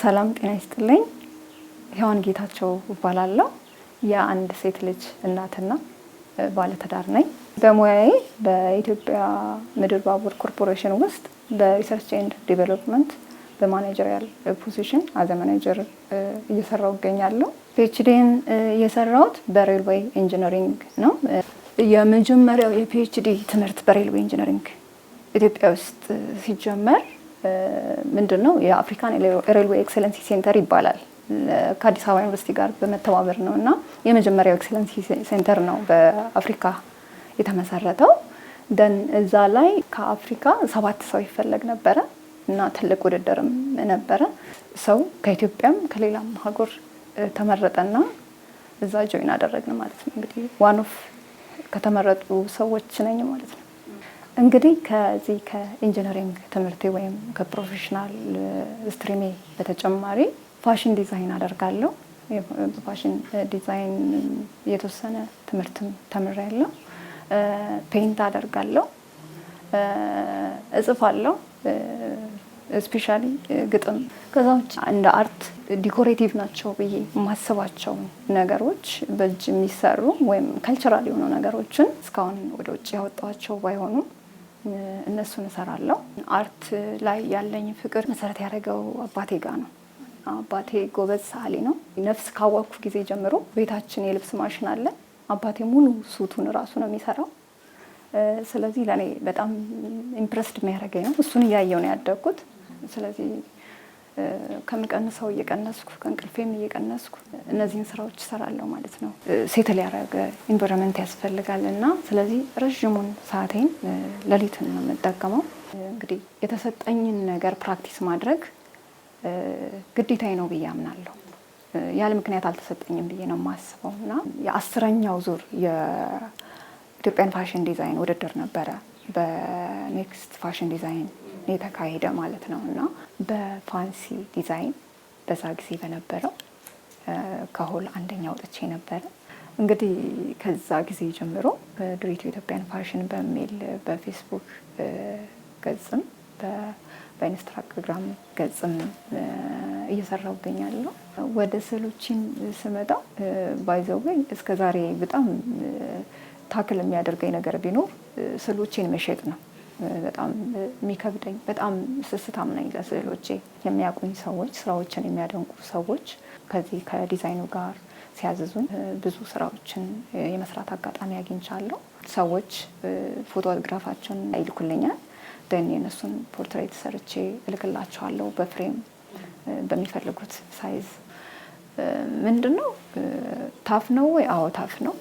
ሰላም ጤና ይስጥልኝ። ሔዋን ጌታቸው እባላለሁ። የአንድ ሴት ልጅ እናትና ባለትዳር ነኝ። በሙያዬ በኢትዮጵያ ምድር ባቡር ኮርፖሬሽን ውስጥ በሪሰርች ኤንድ ዲቨሎፕመንት በማኔጀሪያል ፖዚሽን አዘ ማኔጀር እየሰራው እገኛለሁ። ፒኤችዲን እየሰራሁት በሬልዌይ ኢንጂነሪንግ ነው። የመጀመሪያው የፒኤችዲ ትምህርት በሬልዌይ ኢንጂነሪንግ ኢትዮጵያ ውስጥ ሲጀመር ምንድን ነው የአፍሪካን ሬልዌይ ኤክሰለንሲ ሴንተር ይባላል። ከአዲስ አበባ ዩኒቨርሲቲ ጋር በመተባበር ነው እና የመጀመሪያው ኤክሰለንሲ ሴንተር ነው በአፍሪካ የተመሰረተው። ደን እዛ ላይ ከአፍሪካ ሰባት ሰው ይፈለግ ነበረ እና ትልቅ ውድድርም ነበረ። ሰው ከኢትዮጵያም ከሌላም ሀገር ተመረጠና እዛ ጆይን አደረግን ማለት ነው። እንግዲህ ዋን ኦፍ ከተመረጡ ሰዎች ነኝ ማለት ነው። እንግዲህ ከዚህ ከኢንጂነሪንግ ትምህርቴ ወይም ከፕሮፌሽናል ስትሪሜ በተጨማሪ ፋሽን ዲዛይን አደርጋለሁ። በፋሽን ዲዛይን የተወሰነ ትምህርትም ተምሬያለሁ። ፔይንት አደርጋለሁ፣ እጽፋለሁ፣ ስፔሻሊ ግጥም። ከዛ ውጭ እንደ አርት ዲኮሬቲቭ ናቸው ብዬ የማስባቸው ነገሮች በእጅ የሚሰሩ ወይም ካልቸራል የሆኑ ነገሮችን እስካሁን ወደ ውጭ ያወጣቸው ባይሆኑም እነሱን እሰራለሁ። አርት ላይ ያለኝ ፍቅር መሰረት ያደረገው አባቴ ጋር ነው። አባቴ ጎበዝ ሰዓሊ ነው። ነፍስ ካወቅኩ ጊዜ ጀምሮ ቤታችን የልብስ ማሽን አለ። አባቴ ሙሉ ሱቱን እራሱ ነው የሚሰራው። ስለዚህ ለእኔ በጣም ኢምፕረስድ የሚያደርገኝ ነው። እሱን እያየው ነው ያደግኩት። ስለዚህ ከምቀንሰው እየቀነስኩ ከእንቅልፌም እየቀነስኩ እነዚህን ስራዎች እሰራለሁ ማለት ነው። ሴትል ያደረገ ኢንቫይሮንመንት ያስፈልጋል እና ስለዚህ ረዥሙን ሰዓቴን ሌሊትን ነው የምጠቀመው። እንግዲህ የተሰጠኝን ነገር ፕራክቲስ ማድረግ ግዴታዊ ነው ብዬ አምናለሁ። ያለ ምክንያት አልተሰጠኝም ብዬ ነው የማስበው እና የአስረኛው ዙር የኢትዮጵያን ፋሽን ዲዛይን ውድድር ነበረ በኔክስት ፋሽን ዲዛይን የተካሄደ ማለት ነው እና በፋንሲ ዲዛይን በዛ ጊዜ በነበረው ከሆል አንደኛ ወጥቼ ነበረ። እንግዲህ ከዛ ጊዜ ጀምሮ ድሪቱ ኢትዮጵያን ፋሽን በሚል በፌስቡክ ገጽም በኢንስታግራም ገጽም እየሰራው እገኛለሁ። ወደ ስዕሎችን ስመጣ ባይዘው ግን እስከ ዛሬ በጣም ታክል የሚያደርገኝ ነገር ቢኖር ስዕሎችን መሸጥ ነው። በጣም የሚከብደኝ በጣም ስስታም ነኝ ለስዕሎቼ። የሚያውቁኝ ሰዎች፣ ስራዎችን የሚያደንቁ ሰዎች ከዚህ ከዲዛይኑ ጋር ሲያዝዙኝ ብዙ ስራዎችን የመስራት አጋጣሚ አግኝቻለሁ። ሰዎች ፎቶግራፋቸውን ይልኩልኛል። ደን የነሱን ፖርትሬት ሰርቼ እልክላቸዋለሁ በፍሬም በሚፈልጉት ሳይዝ። ምንድን ነው ታፍ ነው ወይ? አዎ ታፍ ነው።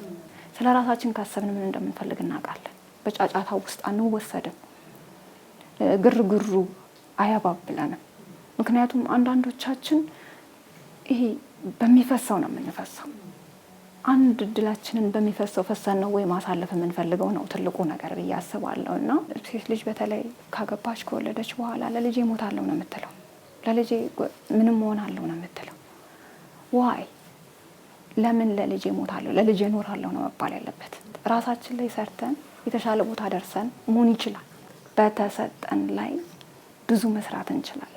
ስለ ራሳችን ካሰብን ምን እንደምንፈልግ እናውቃለን። በጫጫታ ውስጥ አንወሰድም። ግርግሩ አያባብለንም። ምክንያቱም አንዳንዶቻችን ይሄ በሚፈሰው ነው የምንፈሰው። አንድ እድላችንን በሚፈሰው ፈሰን ነው ወይ ማሳለፍ የምንፈልገው ነው ትልቁ ነገር ብዬ አስባለሁ። እና ሴት ልጅ በተለይ ካገባች ከወለደች በኋላ ለልጄ እሞታለሁ ነው የምትለው፣ ለልጄ ምንም እሆናለሁ ነው የምትለው። ዋይ ለምን ለልጄ እሞታለሁ ለልጄ እኖራለሁ ነው መባል ያለበት። ራሳችን ላይ ሰርተን የተሻለ ቦታ ደርሰን መሆን ይችላል በተሰጠን ላይ ብዙ መስራት እንችላለን።